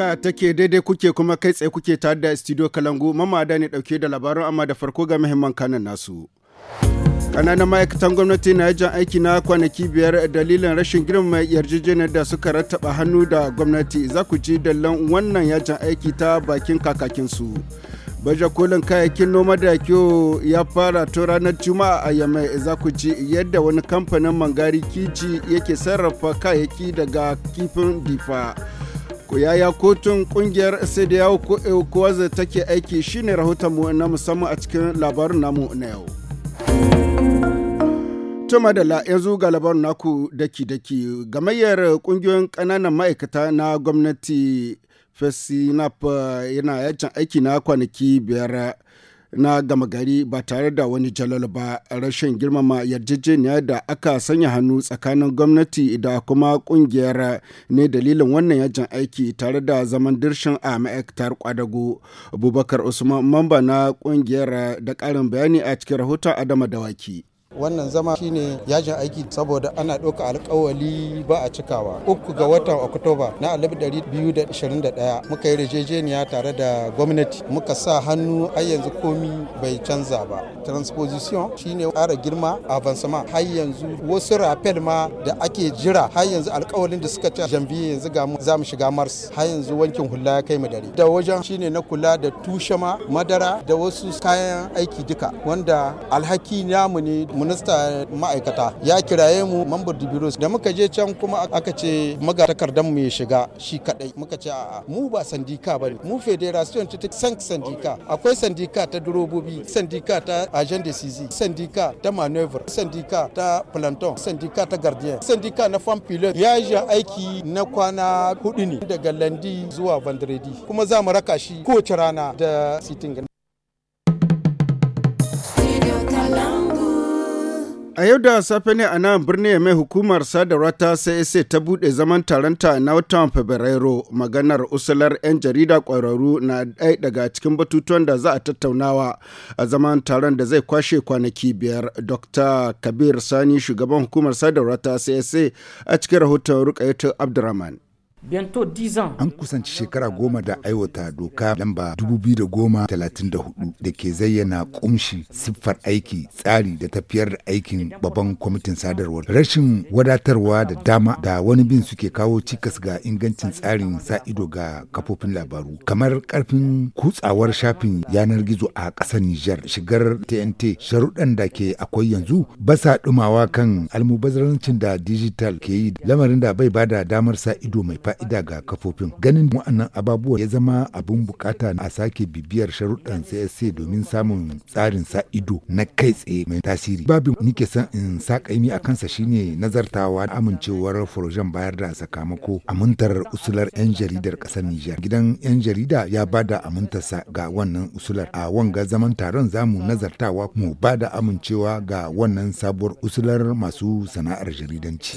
haka take daidai kuke kuma kai tsaye kuke tare da studio kalangu mamada ne dauke da labarin amma da farko ga muhimman kanan nasu. kananan ma'aikatan gwamnati na yajin aiki na kwanaki biyar dalilin rashin girma mai yarjejeniyar da suka rattaba hannu da gwamnati za ku ji dallon wannan yajin aiki ta bakin kakakin su baje kolin kayayyakin noma da kyau ya fara to ranar juma'a a yamma za ku ji yadda wani kamfanin mangari kici yake sarrafa kayayyaki daga kifin difa yaya kotun kungiyar sai da yawo take aiki shine rahoton rahotonmu na musamman a cikin labarin namu na yau. Tuma da la yanzu ga labarin naku daki-daki gamayyar kungiyoyin ƙananan ma'aikata na gwamnati fesinap yana yajin aiki na kwanaki biyar na gama gari ba tare da wani jalal ba rashin girmama yarjejeniya da aka sanya hannu tsakanin gwamnati da kuma kungiyar ne dalilin wannan yajin aiki tare da zaman dirshin a ma'aikatar kwadago abubakar usman mamba na kungiyar da karin bayani a cikin rahoton adama dawaki wannan zama shine yajin aiki saboda ana ɗauka alkawali ba a cikawa uku ga watan oktoba na 2021 muka yi rejejeniya tare da gwamnati muka sa hannu har yanzu komi bai canza ba transposition shine ƙara girma avansama har yanzu wasu rapel ma da ake jira har yanzu alkawalin da suka ta janvier yanzu ga mu za mu shiga mars har yanzu wankin hula ya kai mu dare da wajen shine na kula da tushema. madara da wasu kayan aiki duka wanda alhaki namu ne minista ma'aikata ya kiraye mu mambar dubiros da muka je can kuma aka ce maga takardar mu ya shiga shi kadai muka ce a'a mu ba sandika bane mu federation ta san sandika akwai sandika ta durobobi sandika ta agent de sizi sandika ta manoeuvre sandika ta planton sandika ta gardien sandika na fan pilot ya ji aiki na kwana hudu ne daga landi zuwa vendredi kuma za mu raka shi kowace rana da sitting A yau da safe ne a nan birni mai hukumar sadarwa ta CSA ta buɗe zaman taronta na watan Fabrairu maganar usular 'yan jarida ƙwararru na ɗaya daga cikin batutuwan da za a tattaunawa a zaman taron da zai kwashe kwanaki biyar. Dr. Kabir Sani shugaban hukumar sadarwa ta CSA a cikin rahoton Rukayatu Abdurrahman. bento 10 An kusanci shekara goma da aiwata doka lamba 2034 da ke zayyana kumshi siffar aiki tsari da tafiyar da aikin babban kwamitin sadarwar. Rashin wadatarwa da dama da wani bin suke kawo cikas ga ingancin tsarin sa ido ga kafofin labaru. Kamar karfin kutsawar shafin yanar gizo a ƙasar Nijar shigar TNT sharuɗan da ke akwai yanzu ba sa ɗumawa kan almubazarancin da digital ke yi lamarin da bai bada damar sa ido mai fa'ida ga kafofin ganin wa'annan ababuwa ya zama abin bukata a sake bibiyar sharuɗan CSC domin samun tsarin sa ido na kai tsaye mai tasiri babu nike san in sa kaimi a kansa shine nazartawa amincewar furojen bayar da sakamako amintar usular 'yan jaridar ƙasar Nijar gidan 'yan jarida ya bada amintarsa ga wannan usular a wanga zaman taron zamu nazartawa mu bada amincewa ga wannan sabuwar usular masu sana'ar jaridanci.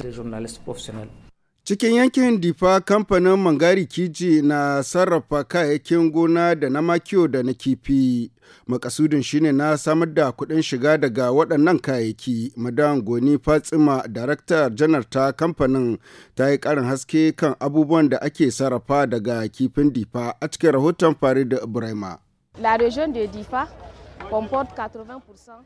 Cikin yankin Difa kamfanin Mangari Kiji na sarrafa kayayyakin gona da na makiyo da na kifi. Makasudin shine na samar da kuɗin shiga daga waɗannan kayayyaki. Madan Goni Fatsima, Daraktar Janar ta kamfanin ta yi ƙarin haske kan abubuwan da ake sarrafa daga kifin Difa a cikin rahoton Farid Ibrahima. La région de Difa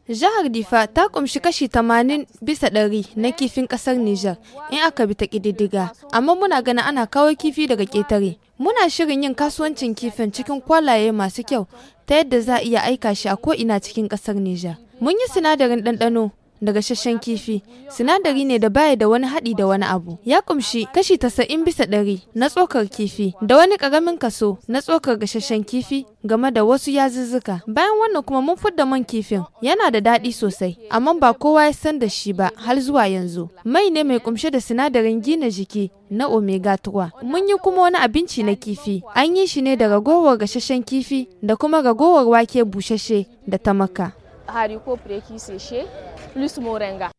Jihar Difa ta kumshi kashi 80 bisa ɗari na kifin kasar Nijar in aka bi ta ƙididdiga, amma muna ganin ana kawo kifi daga ƙetare. Muna shirin yin kasuwancin kifin cikin kwalaye masu kyau ta yadda za a iya aika shi a ko ina cikin ƙasar Nijar. Mun yi sinadarin ɗanɗano da gasasshen kifi sinadari ne da baya da wani haɗi da wani abu ya kumshi kashi tasa'in bisa ɗari na tsokar kifi da wani ƙaramin kaso na tsokar gasasshen kifi game da wasu yazuzzuka bayan wannan kuma mun fudda man kifin yana da daɗi sosai amma ba kowa ya san da shi ba har zuwa yanzu mai ne mai kumshe da sinadarin gina jiki na omega 3 mun yi kuma wani abinci na kifi an yi shi ne da ragowar gasasshen kifi da kuma ragowar wake bushashe da tamaka Haruko pré séché plus moringa.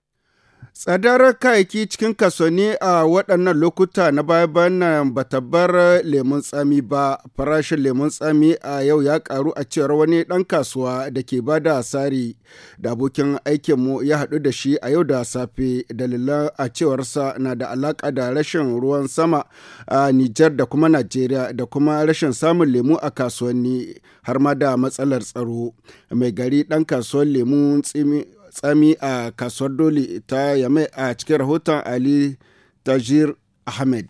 Tsadarar kayaki cikin kasuwanni a waɗannan lokuta na baya-bayan nan ba ta lemun tsami ba, farashin lemun tsami a yau ya ƙaru a cewar wani ɗan kasuwa da ke ba da sari da abokin aikinmu ya haɗu da shi a yau da safe dalilan a cewarsa na da alaƙa da rashin ruwan sama a Nijar da kuma Najeriya da kuma rashin samun lemu a kasuwanni har ma da matsalar tsaro. Mai gari ɗan kasuwar lemun tsimi tsami a kasuwar doli ta yame a cikin rahoton ali tajir ahmed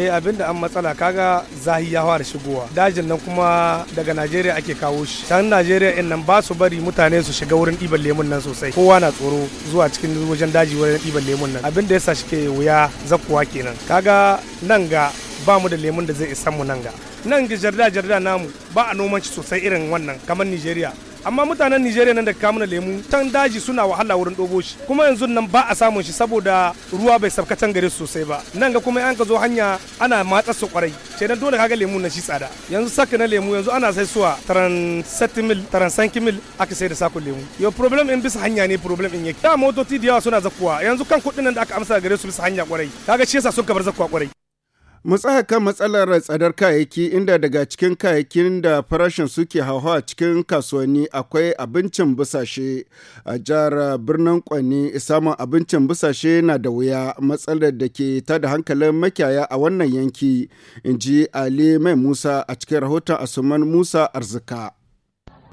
eh abinda an matsala kaga zahi ya fara shigowa dajin nan kuma daga najeriya ake kawo shi can najeriya in nan ba su bari mutane su shiga wurin ɗiban lemun nan sosai kowa na tsoro zuwa cikin wajen daji wurin ɗiban lemun nan abin da yasa shike wuya zakkuwa kenan kaga nan ga ba mu da lemun da zai isa mu nan ga nan ga jarda jarda namu ba a noman shi sosai irin wannan kamar najeriya amma mutanen Nigeria nan da na lemu can daji suna wahala wurin dobo shi kuma yanzu nan ba a samun shi saboda ruwa bai sabka can gare sosai ba nan ga kuma an ka zo hanya ana matsa su kwarai ce nan dole kaga lemu na shi tsada yanzu saka na lemu yanzu ana sai suwa 37 mil 35 mil aka sai da sako lemu yo problem in bisa hanya ne problem in yake da motoci da yawa suna zakuwa yanzu kan kuɗin nan da aka amsa gare su bisa hanya kwarai kaga shi yasa sun kabar zakuwa kwarai Mu kan matsalar tsadar kayayyaki inda daga cikin kayayyakin da farashin suke hauhawa cikin kasuwanni akwai abincin busashe a jihar birnin Kwani samun abincin busashe na da wuya matsalar da ke ta da hankalin makiyaya a wannan yanki in ji Ali Mai Musa a cikin rahoton Asuman Musa Arzika.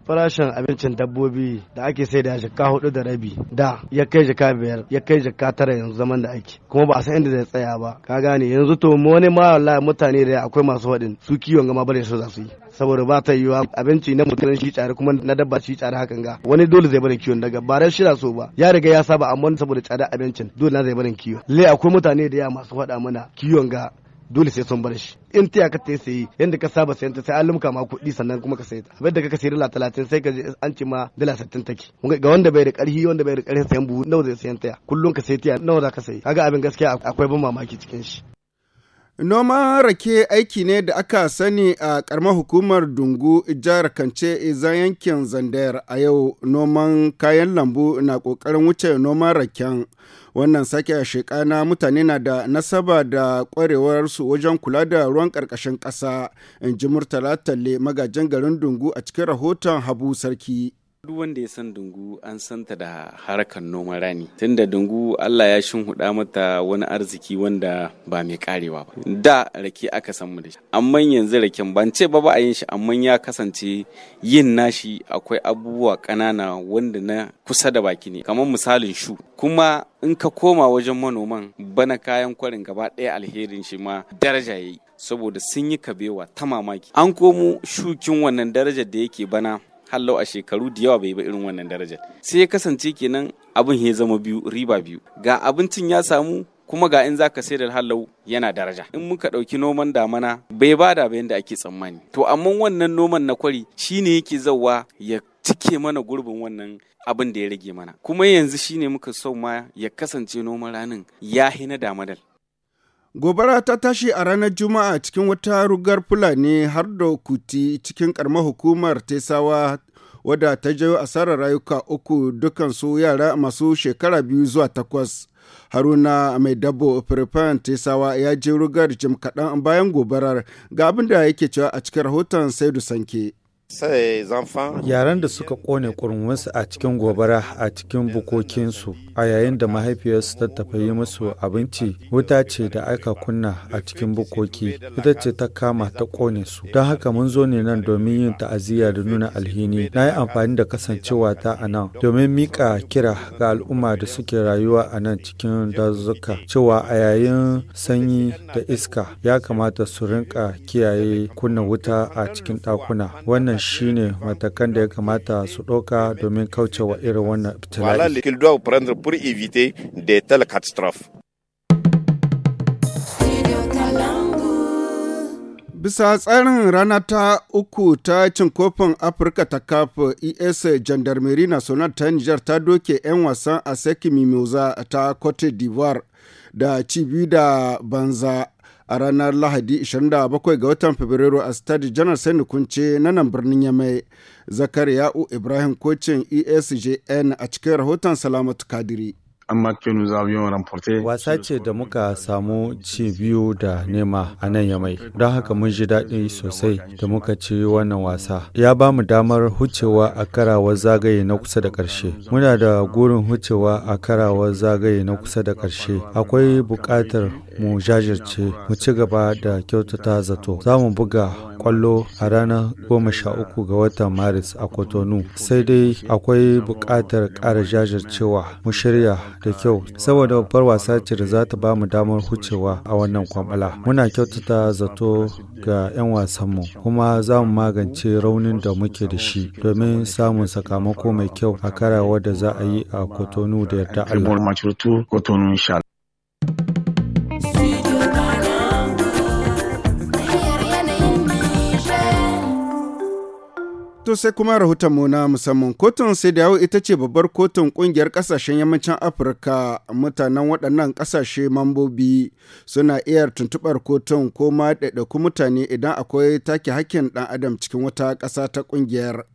farashin abincin dabbobi da ake sai da jaka hudu da rabi da ya kai jaka biyar ya kai jaka tara yanzu zaman da ake kuma ba a san inda zai tsaya ba ka gane yanzu to wani ma wallahi mutane da akwai masu wadin su kiwon gama bare su za su yi saboda ba ta yiwa abinci na mutum shi tsare kuma na dabba shi tsare hakan ga wani dole zai bare kiwon daga ba ran shira so ba ya riga ya saba amma saboda tsada abincin dole na zai bare kiwon le akwai mutane da ya masu fada mana kiwon ga dole sai sun bar shi in tiya ka ta sayi yanda ka saba sayan sai an lumka ma kuɗi sannan kuma ka sayi ta abin da ka sayi dala talatin sai ka an ci ma dala sittin take ga wanda bai da ƙarfi wanda bai da ƙarfin sayan buhu nawa zai sayan ta kullum ka sayi tiya nawa za ka sayi kaga abin gaskiya akwai ban mamaki cikin shi Noman rake aiki ne da aka sani a ƙaramar hukumar Dungu jihar Kance izan yankin Zandayar a yau noman kayan lambu na ƙoƙarin wuce noman raken. Wannan sake a shekana na mutane na da nasaba da ƙwarewarsu wajen kula da ruwan ƙarƙashin ƙasa, in ji Murtala Talle magajin garin Dungu a cikin rahoton Habu Sarki. duk wanda ya san dungu an santa da harkar noman rani tunda dungu Allah ya huda mata wani arziki wanda ba mai karewa ba da rake aka san mu da shi amma yanzu raken ban ce ba ba a yin shi amma ya kasance yin nashi akwai abubuwa ƙanana wanda na kusa da baki ne kamar misalin shu kuma in ka koma wajen manoman bana kayan kwarin gaba ɗaya alherin shi ma daraja yayi saboda sun yi kabewa ta mamaki an komo shukin wannan darajar da yake bana hallau a shekaru da yawa bai ba irin wannan darajar sai ya kasance kenan abin ya zama biyu riba biyu ga abincin ya samu kuma ga in zaka sai da hallau yana daraja in muka ɗauki noman damana bai bada ba yadda ake tsammani to amma wannan noman na kwari shine yake zauwa ya cike mana gurbin wannan abin da ya rage mana kuma yanzu shine muka so ma ya kasance noman ranin ya hina damadal Gobara ta tashi a ranar Juma'a cikin wata rugar Fulani har da kuti cikin karamar hukumar Tesawa wadda ta jawo asarar rayuka uku dukansu yara masu shekara biyu zuwa takwas. Haruna mai dabo Firfan Tesawa ya je rugar jim kaɗan bayan gobarar ga abin da yake cewa a cikin rahoton Saidu Sanke. Yaran da suka kone kurminsu a cikin gobara a cikin bukokinsu a yayin da mahaifiyarsu ta yi musu abinci wuta ce da aka kunna a cikin bukoki ita ce ta kama ta kone su don haka mun zo ne nan domin yin ta'aziyya da nuna alhini na yi amfani da kasancewa ta a nan domin mika kira ga al'umma da suke rayuwa a nan cikin dazuka cewa a yayin sanyi da iska ya kamata su rinka kiyaye kunna wuta a cikin ɗakuna wannan wannan shine matakan da ya kamata su ɗauka domin kauce wa irin wannan fitila'i. Bisa tsarin rana ta uku ta cin kofin Afirka ta kafa ES Gendarmerie National ta niger ta doke 'yan wasan a Seki Mimosa ta Cote d'Ivoire da Cibi da Banza a ranar Lahadi 27 ga watan Fabrairu a Stade Janar sai Kunce na nan birnin Yamai. Zakariya U Ibrahim kocin ESJN a cikin rahoton Salamatu Kadiri. Wasa ce da muka samu ci biyu da nema a nan ya mai, don haka mun ji daɗi sosai da muka ci wannan wasa. Ya ba mu damar hucewa a karawar zagaye na kusa da ƙarshe. Muna da gurin hucewa a karawar zagaye na kusa da ƙarshe. Akwai buƙatar mu jajirce mu ci gaba da kyautata zato. Za mu buga kwallo a ranar goma sha uku ga watan Maris a Kotonu. Sai dai akwai buƙatar ƙara jajircewa mu shirya da kyau saboda babbar wasa ce da za ta ba mu damar hucewa a wannan kwambala. Muna kyautata zato ga 'yan wasanmu kuma za mu magance raunin da muke da shi domin samun sakamako mai kyau a karawa da za a yi a Kotonu da yarda Allah. To sai kuma rahoton mu na musamman kotun sai da yawo ita ce babbar kotun kungiyar kasashen yammacin Afirka mutanen waɗannan kasashe mambobi suna iya tuntubar kotun ko ma ɗaiɗaiku mutane idan akwai take hakkin ɗan adam cikin wata ƙasa ta ƙungiyar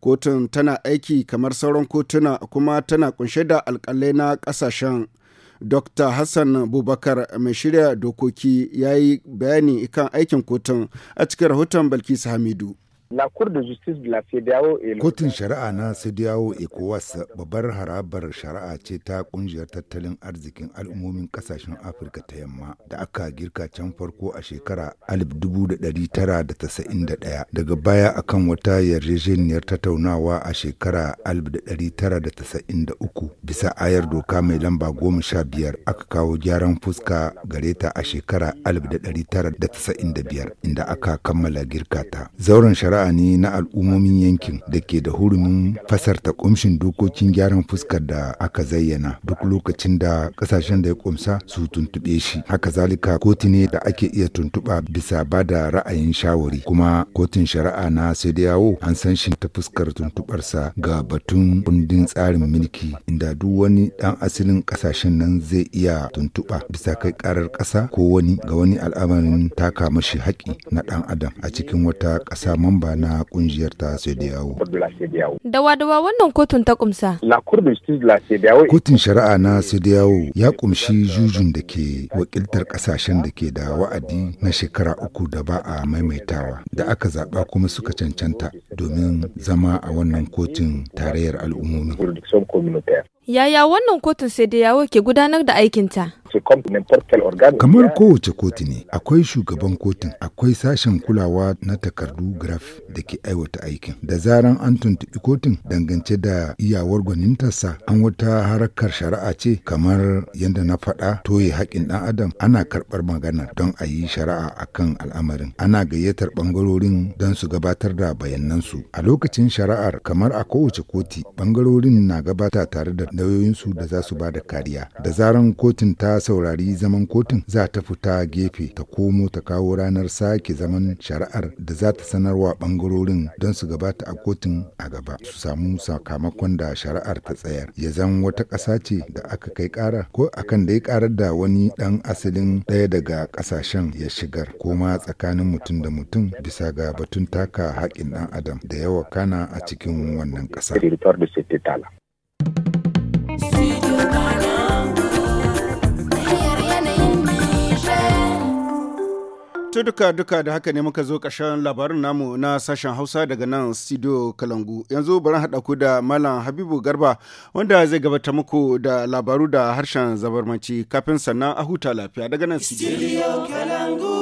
Kotun tana aiki kamar sauran kotuna kuma tana kunshe da alƙalai na ƙasashen. Dr. Hassan Bubakar mai shirya dokoki ya yi bayani kan aikin kotun a cikin rahoton Balkisu Hamidu. Kotun shari'a na Sidiyawo ECOWAS babbar harabar shari'a ce ta kungiyar tattalin arzikin al'ummomin kasashen Afirka ta yamma da aka girka can farko a shekara 1991 daga baya akan wata yarjejeniyar tattaunawa a shekara 1993 bisa ayar doka mai lamba 15 aka kawo gyaran fuska gare ta a shekara 1995 inda aka kammala girka ta. Zauren shari'a mutane na al'ummomin yankin da ke da hurumin fasarta kumshin dokokin gyaran fuskar da aka zayyana duk lokacin da ƙasashen da ya kumsa su tuntube shi haka zalika kotu ne da ake iya tuntuɓa bisa ba da ra'ayin shawari kuma kotun shari'a na sadiyawo an san shi ta fuskar tuntuɓarsa ga batun kundin tsarin mulki inda duk wani dan asalin ƙasashen nan zai iya tuntuɓa bisa kai karar ƙasa ko wani ga wani al'amarin taka mashi haƙi na ɗan adam a cikin wata ƙasa mamba na kungiyar ta CDAO. Dawa-dawa wannan kotun ta kumsa. Kotun shari'a na CDAO ya kumshi jujun da ke wakiltar kasashen da ke da wa'adi na shekara uku da ba a maimaitawa da aka zaɓa kuma suka cancanta domin zama a wannan kotun tarayyar al'ummomi. Yaya wannan kotun yawo ke gudanar da aikinta? Kamar kowace kotu ne, akwai shugaban kotun, akwai sashen kulawa na takardu graf da ke aiwata aikin. Da zaran an tuntuɓi kotun dangance da iyawar gwanintarsa an wata harakar shari'a ce kamar yadda na faɗa toye haƙin ɗan adam ana karɓar magana don a yi shari'a a kan al'amarin. Ana gayyatar ɓangarorin don su gabatar da bayanansu. A lokacin shari'ar kamar a kowace koti ɓangarorin na gabata tare da lauyoyinsu da za su ba da kariya. Da zaran kotun ta saurari zaman kotun za ta fita gefe ta komo ta kawo ranar sake zaman shari'ar da za ta sanarwa bangarorin don su gabata a kotun a gaba su samu sakamakon da shari'ar ta tsayar ya zan wata ƙasa ce da aka kai ƙara ko akan da ya ƙarar da wani ɗan asalin ɗaya daga ƙasashen ya shigar ko ma tsakanin mutum da mutum bisa ga batun taka haƙƙin ɗan adam da yawa kana a cikin wannan ƙasa. Studio To duka duka da haka ne muka zo ƙarshen labarin namu na sashen Hausa daga nan studio Kalangu. Yanzu bari haɗa ku da Malam Habibu Garba wanda zai gabata muku da labaru da harshen zabarmanci kafin sannan a huta lafiya daga nan studio Kalangu.